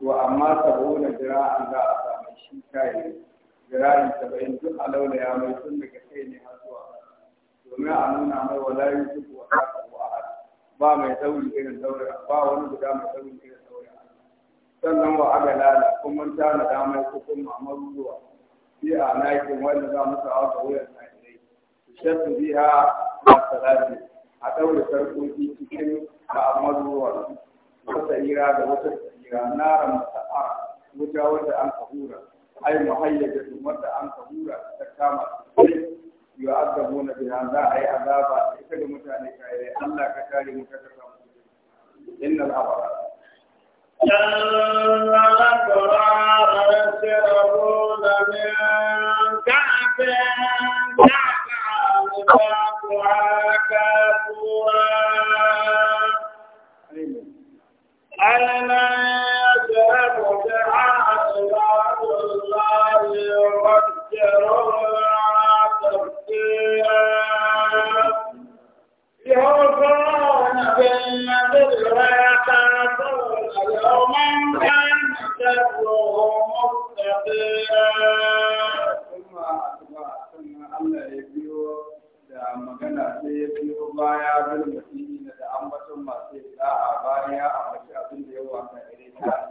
to amma sabona jira'an za a samu shi kayi jira'in saba'in duk a ya mai sun daga kai ne har zuwa domin a nuna mai wala yi wata wa a wa ba mai tsauri irin tsauri ba wani guda mai tsauri irin tsauri sannan wa aga lala kun mun tana damar kukun mamaru zuwa fi a naikin wanda za mu sa'a da wuyan nairai shaddu biya a salati a ɗaure sarƙoƙi cikin ma'amaru zuwa wata ira da wata kira nara musta'ara wuta wadda an kahura ai muhayyajatun wadda an kahura ta kama sai yu'adzabuna biha za a yi azaba ita ga mutane kare Allah ka kare mu ka kasa mu innal abara إن الأبرار يشربون من كأس كأس لباقها كافٍ أنا يذهب بعاد بعد الله يفجرها تفجيرا يوفون بالنذر ويخافون يوما كان شره مستقيرا ثم أتبع ثم الله يبيعه da magana sai ya biyo baya bil mutumina da ambaton masu da'a baya a shirka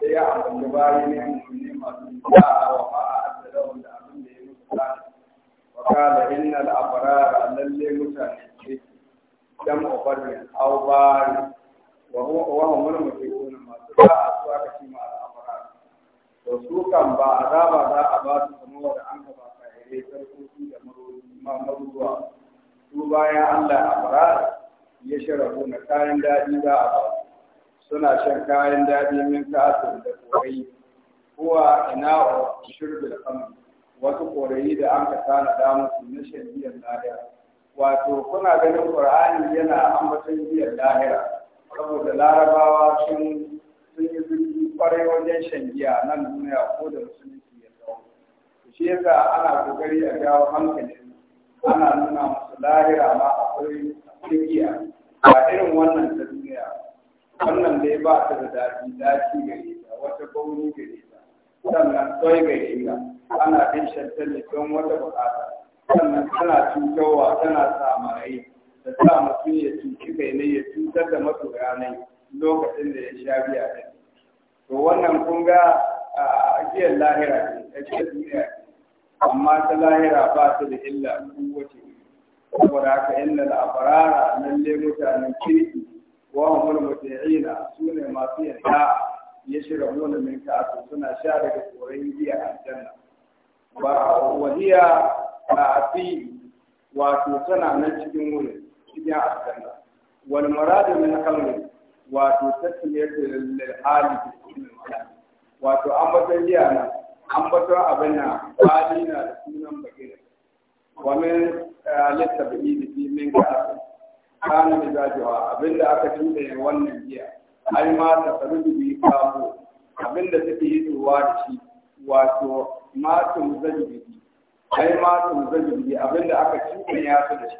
sai ya ambaci bayi ne mummuni masu da'a wa fa'a da lawan da abin da ya yi musu da wa kala inna al-abrara lalle mutane ce dan ubarin aw bari wa huwa wa humul mutiqun masu da'a su aka ci ma al to su kan ba azaba za a ba su kamar wanda an ka ba kaire sarkoki da maruwa su bayan Allah abrara ya sharafu na kayan daɗi za a ba suna shan kayan daɗi min kasar da korayi kowa ina wa shirbil kama, wasu korayi da an ka damar su na shan lahira wato kuna ganin ƙur'ani?" yana ambaton biyan lahira saboda larabawa sun sun yi zuki kwarai wajen shan giya nan duniya ko da musulunci ya tsawo shi yasa ana kokari a jawo hankali? ana nuna masu lahira ma akwai giya ba irin wannan ta duniya wannan dai ba ta da daɗi daɗi gare ta wata bauni gare ta sannan tsoi gare ta ana bin ne don wata bukata sannan tana cutarwa tana sa marai da sa mutum ya cuci kai ne ya cutar da masoya lokacin da ya sha biya ne to wannan kun ga ajiyar lahira ne ajiyar duniya amma ta lahira ba ta da illa kowace saboda haka inna da abarara lalle mutanen kirki وهم suna سنة ما فيها يشربون من كأس سنة شارك ko الجنة وهي تأتي wato tana nan cikin aljanna wal muradu min khamri wato tasmiyatu lil hali wato an batun jiya na an batun abin na hali na da sunan bagina wa min littabi'i bi min da mizajuwa abinda aka tuɗe wannan giya ai ma ta faru bi kafo abinda take hitowa da shi wato ma ta muzaji bi ai ma ta muzaji bi abinda aka tuɗe ya su da shi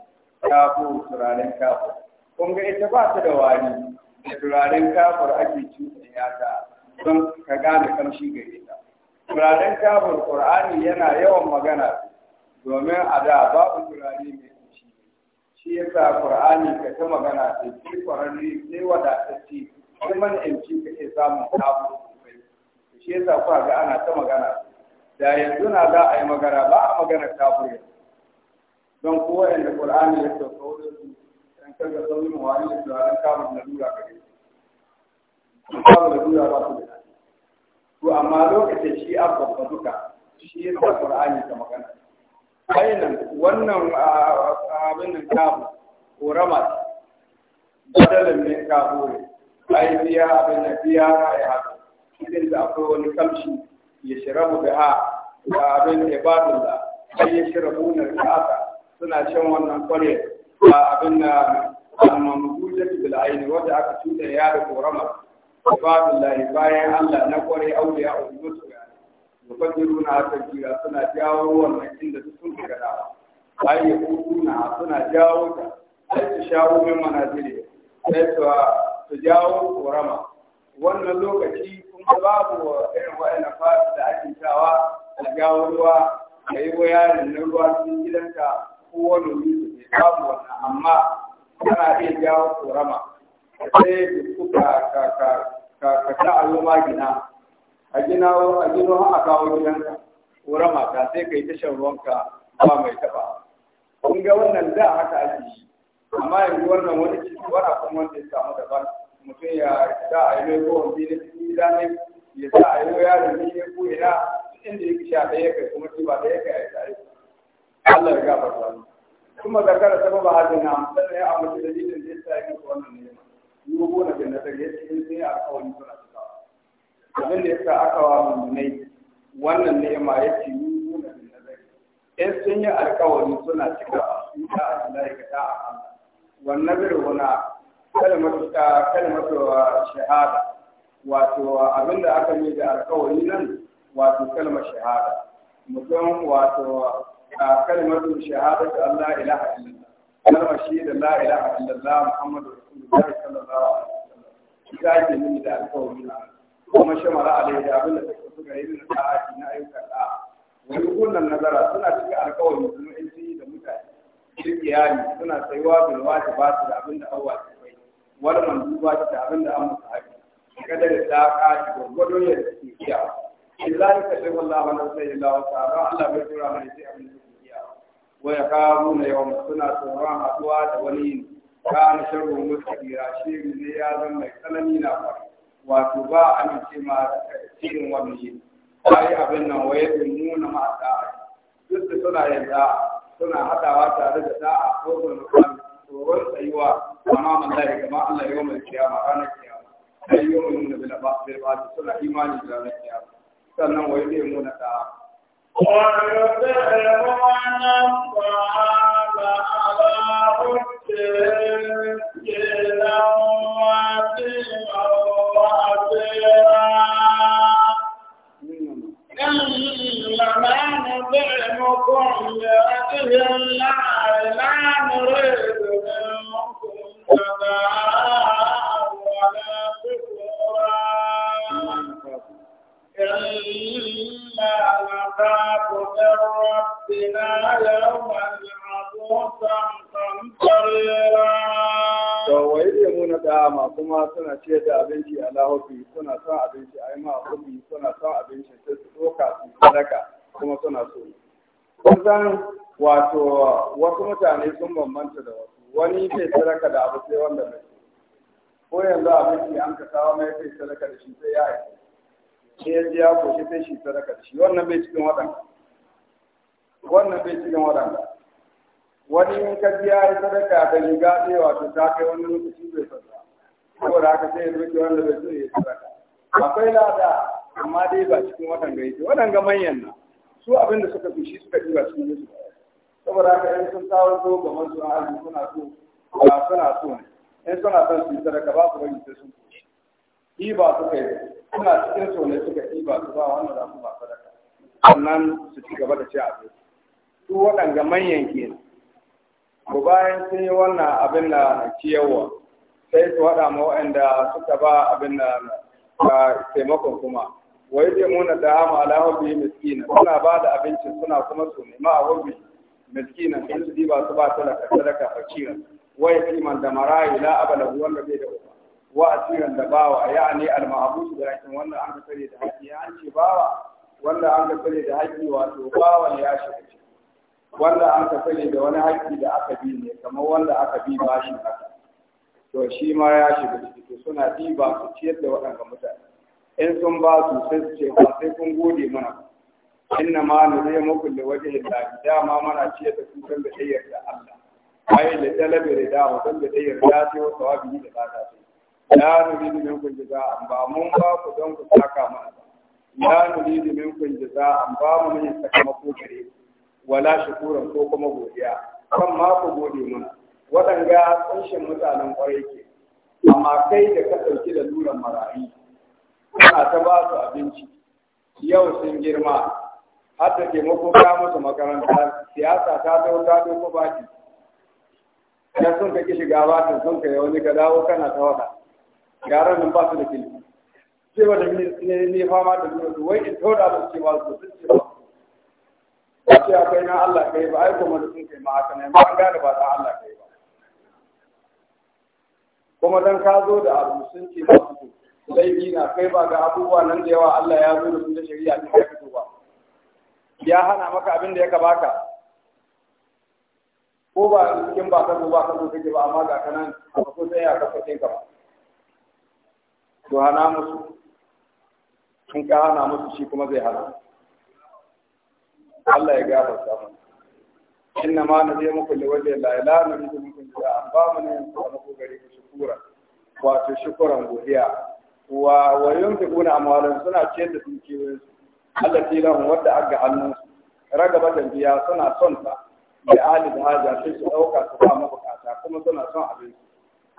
kafo turaren kafo kun ga ita ba ta da wani da turaren kafar ake tuɗe ya ta don ka gane kamshi gare ta turaren kafar qur'ani yana yawan magana domin a da babu turare mai shi sa qur'ani ka ta magana sai sai kwararri sai wadatacce sai man'anci kake samun abu sosai shi sa ku ga ana ta magana da yanzu na za a yi magana ba a magana kafir don ko wanda qur'ani ya sauka wurin su dan kaga sauyin wani da dan kamun na dura kare kamun na lura ba su da to amma lokacin shi abba duka shi yasa qur'ani ta magana ainan wannan abin nan kafu korama badalin min kafu ne ai biya abin da biya ya haka idan da akwai wani kamshi ya shirabu da ha da abin da ba da ai ya shirabu na ka'ata suna shan wannan kware a abin da al-mamdudatu bil aini wanda aka cuta ya da korama ibadullah bayan Allah na kware auliya ummatu yufadiruna takbira suna jawo wannan inda duk sun ga da ai yakuna suna jawo ta ai su shawo min manazili sai su su jawo korama wannan lokaci kuma babu irin wa'annan fata da ake tawa a jawo ruwa da yi wayarin na ruwa cikin gidanka ko wani wuri da babu wannan amma tana iya jawo korama sai da ka ka ka ka ta gina a gina a gino a kawo gidanka wurin mata sai kai ta shan ruwanka ba mai taba kun ga wannan da haka ake yi amma yanzu wannan wani ciki wani kuma wanda ya samu daban mutum ya sa a yi mai kowane fili fili da ne ya sa a yi wa yaron ne ya ko ina inda yake sha ɗaya kai kuma ci ba ɗaya kai a yi tare Allah ya gafarta mu kuma zakara sababa hadina sannan ya amince da jinin da ya sa yake wannan ne yugo na bin da yake cikin sai a kawai suna abin da yasa aka wa mummunai wannan ni'ima ya ce yi nuna da nazari in sun yi alkawari suna cika a suka a lillahi ka da'a Allah wannan bir wana kalmatu kalmatu shahada wato abin da aka yi da alkawari nan wato kalmar shahada mutum wato a kalmatu shahada ta Allah ilaha illallah kalmar shi da la ilaha illallah Muhammadu Rasulullahi sallallahu alaihi wasallam ita ke nuni da alkawari nan kuma shamara alaihi da abin da suka suka yi na sa'aji na ayyukan da wani kunnan nazara suna cika alkawari kuma in sun da mutane kirkiyani suna tsayuwa bil wajibati da abin da Allah ya bai wal manduba da abin da Allah ya bai kada da daka da gwadon ya ke kiya illahi ka sai wallahi wa sai Allah ta'ala Allah bai tura mai sai abin da ke kiya wa yaqamuna yawm suna tsoron haɗuwa da wani yin kana sharru mutakira shi ne ya zama mai tsanani na fara wato ba a amince ma cikin wannan yi ai abin nan waye nuna ma da'a duk da suna yin da'a suna hadawa tare da da'a ko da mutum tsoron tsayuwa amma ya gama. Allah yau mai kiyama ranar kiyama ai yau mai nuna bila ba bai ba suna imani da ranar kiyama sannan waye zai nuna da'a ويطعمون الطعام على حبه كلا وكلا إنما نطعمكم لأجل الله لا نريد منكم جزاء ولا شكورا إنا نخاف من ربنا يوما عبوسا قمطريرا. وإذ يمون دعما كما سنة hubbi suna son abin shi yi ma hubbi suna son abin shi sai su doka su sadaka kuma suna so kun san wato wasu mutane sun bambanta da wasu wani ke sadaka da abu sai wanda bai ko yanzu abin shi an ka kawo mai sai sadaka da shi sai ya yi sai ya ji ya koshi sai shi sadaka da shi wannan bai cikin waɗanda wannan bai cikin waɗanda wani in ka biya sadaka da riga sai wato ta kai wani lokaci bai sadaka saboda haka sai ya zuke wanda bai so ya sadaka akwai lada amma dai ba cikin waɗanda yake waɗanda manyan na. su abin da suka fi shi suka ɗiba cikin musu saboda haka 'yan sun kawo so ga masu arziki suna so ba suna so ne 'Yan suna son su yi sadaka ba su bari sai sun Yi ba suka yi suna cikin so ne suka ba su ba wanda za su ba sadaka sannan su ci gaba da ci abin su waɗanda manyan kenan ko bayan sun yi wannan abin da ciyarwa sai su haɗa ma waɗanda suka ba abin da taimakon kuma wai zai muna da hama alahu bi miskina suna ba da abincin suna kuma su nema a hobi miskina sun su ba su ba talaka talaka fakira wai kiman da marayi la abala wanda bai da uba wa asiran da bawa ya ne almahabusu da rakin wanda an ka tsare da haƙƙi ya ce bawa wanda an ka tsare da haƙƙi wato bawa ya shiga wanda an ka tsare da wani haƙƙi da aka bi ne kamar wanda aka bi bashi haka to shi ma ya shiga ciki suna diba su ciyar da waɗanda mutane in sun ba su sai su ce ba sai kun gode mana inna ma na zai muku da waje da dama mana ciyar da su kan da ɗayar da Allah ai da talabe da dama kan da ɗayar da ce wasu wabi da ta ce la nuridu za a ba mun ba ku don ku saka mana ba la nuridu za a ba mu mun sakamako gare wala shukuran ko kuma godiya kan ma ku gode mana waɗanga kunshin mutanen ƙwarai ke amma kai da ka ɗauki da nuna marayu ana ta ba su abinci yau sun girma har da taimako ka musu makaranta siyasa ta zo ta doko baki idan sun ka ki shiga ta sun ka wani ka dawo kana ta wata yaran nan ba su da kilifi ba da ne fama da nuna su wai in tauda da su ce ba su sun ce ba ba ce akwai na Allah kai ba ai kuma da sun kai ma haka ne ma an gane ba ta Allah kai kuma dan ka zo da abu sun ce ba su laifi na kai ba ga abubuwa nan da yawa Allah ya zo da su da shari'a ta ya fito ba ya hana maka abin da ya ka baka ko ba cikin ba ka zo ba ka zo kake ba amma ga kanan ba ko sai ya ka fice ka ba to hana musu kin ka hana musu shi kuma zai hana Allah ya gafarta mana inna ma na je muku da wajen laila na muku muku da an ba mu ne yanzu a muku gari ku shukura wato shukuran godiya wa wa yanzu kuna suna ce da dukiyoyin su Allah tira mu wanda aga hannun su ragabatan biya suna son ta da ahli da haja sai su su ba mabukata kuma suna son abin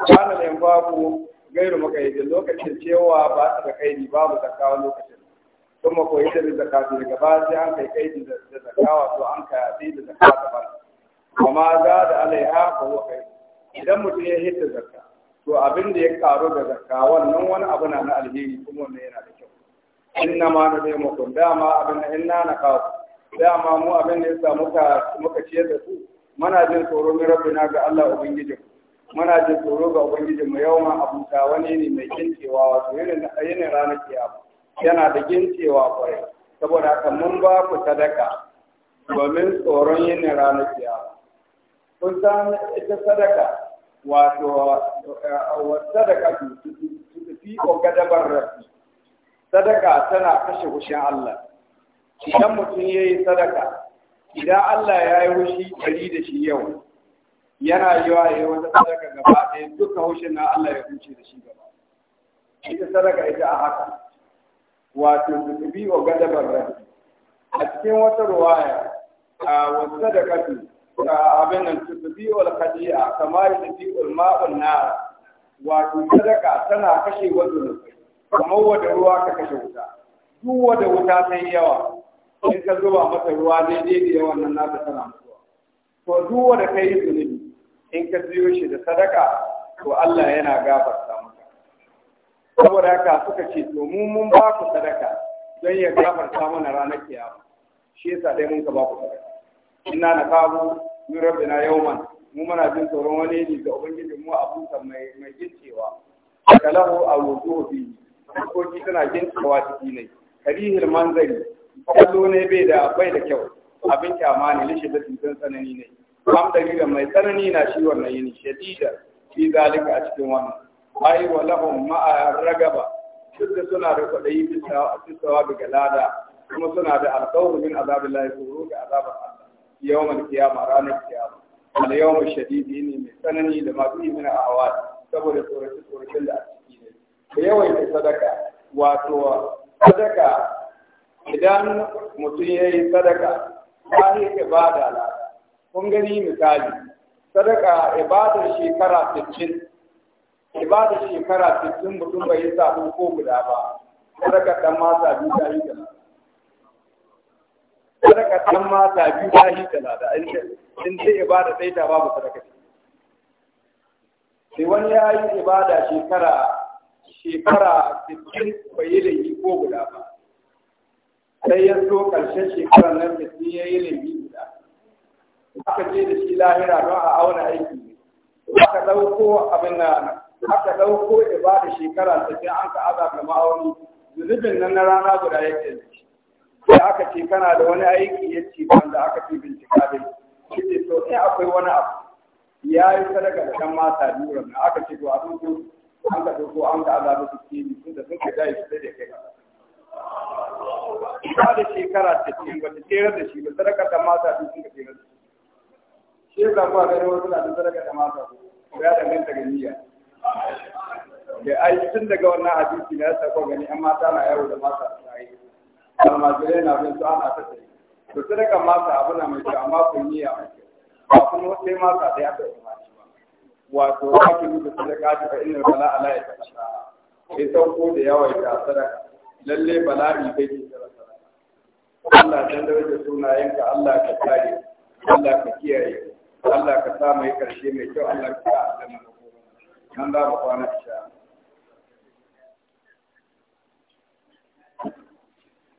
su kana ne babu gairu makaidin lokacin cewa ba su da kaidi babu zakawa lokacin ko makoyi da zakatu daga baya sai an kai kai da zakawa to an kai da zakata ba amma za da alaiha ko kai idan mutum ya hita zakka to abin da ya karo da zakka wannan wani abu na na alheri kuma wannan yana da kyau inna ma na mu muku dama abin da inna na kawo dama mu abin da ya sa muka muka ciyar da su muna jin tsoro min rabbina ga Allah ubangiji muna jin tsoro ga ubangiji mu yau ma abuta wani ne mai kincewa wato yana ranar kiyama yana da gincewa kwarai saboda haka mun ba ku sadaka domin tsoron yin ranar kiyama kun san ita sadaka wato eh, sadaka fi ko gadabar rafi sadaka tana kashe hushin Allah idan mutum ya yi sadaka idan Allah ya yi hushi ɗari da shi yau yana yi wa yi wata sadaka gaba ɗaya duka hushin na Allah ya huce da shi gaba ita sadaka ita a haka wato zubi wa gadabar rabi a cikin wata ruwaya a wasu da kafi abin nan zubi wa kadiya kamar zubi wa ma'un na wato sadaka tana kashe wasu rufi kamar wada ruwa ka kashe wuta duk wada wuta ta yi yawa in ka zuba mata ruwa daidai da yawan nan nata tana mutuwa to duk wada ka yi zunubi in ka ziyo shi da sadaka to Allah yana gafarta saboda haka suka ce domin mun ba ku sadaka don ya gafarta mana ranar kiyama shi yasa dai mun ka ba ku sadaka inna na kabu min rabbina yawman mu muna jin tsoron wani ne ga ubangiji mu abusa mai mai gincewa kalahu a ko ki tana gincewa ciki ne karihil manzari kallo ne bai da bai da kyau abin kyama ne lishi da tsin tsanani ne kam da mai tsanani na shi wannan yini shadida fi zalika a cikin wannan ai wa lahum ma'a ragaba duk da suna da cikin sawa daga lada kuma suna da alƙawarin min azabin lahi tsoro ga azabar Allah yawmal qiyamah ranar qiyamah al yawm shadid ne mai tsanani da masu bi min awad saboda tsorace tsoracen da a ciki ne da yawan sadaka wato sadaka idan mutum ya yi sadaka ta yi ibada la kun gani misali sadaka ibadar shekara 60 ibada shekara cikin mutum bai yi sabu ko guda ba sadaka dan mata biyu ta yi kana sadaka dan mata biyu ta yi kana da in ce ibada dai ta babu sadaka sai wani ya yi ibada shekara shekara cikin bai yi laifi ko guda ba sai ya zo ƙarshen shekarar nan da sun ya yi laifi guda aka je da shi lahira don a auna aiki aka ɗauko abin na aka ɗauko ba da shekara ta sittin an ka aza da ma'auni zunubin nan na rana guda yake da sai aka ce kana da wani aiki ya ce wanda aka ce bincika da shi ce to sai akwai wani abu ya yi sadaka da kan mata nura na aka ce to a duku an ka ɗauko an ka aza musu ni tun da sun ka dai su da kai ba da shekara ta sittin ba ta tsere da shi ba sadaka da mata duk sun ka tsere da shi. Shi ya zama ganin wasu na da sadaka da mata ya danganta ga niyya. da eh, ai tun daga wannan hadisi na yasa sako gani an mata na yawo da mata su yi almajirai na bin su ana ta sai to daga mata abu na mai kyau amma kun niyya a kyau ba kuma sai mata da ya ta yi ba wato za ki su sadaka ta fa inna bala ala ya ta sai sauko da yawa ya ta sadaka lalle bala'i kai ki sadaka Allah dan da suna yanka Allah ka kare Allah ka kiyaye Allah ka sa mai karshe mai kyau Allah ka sa aljanna nan za mu kwana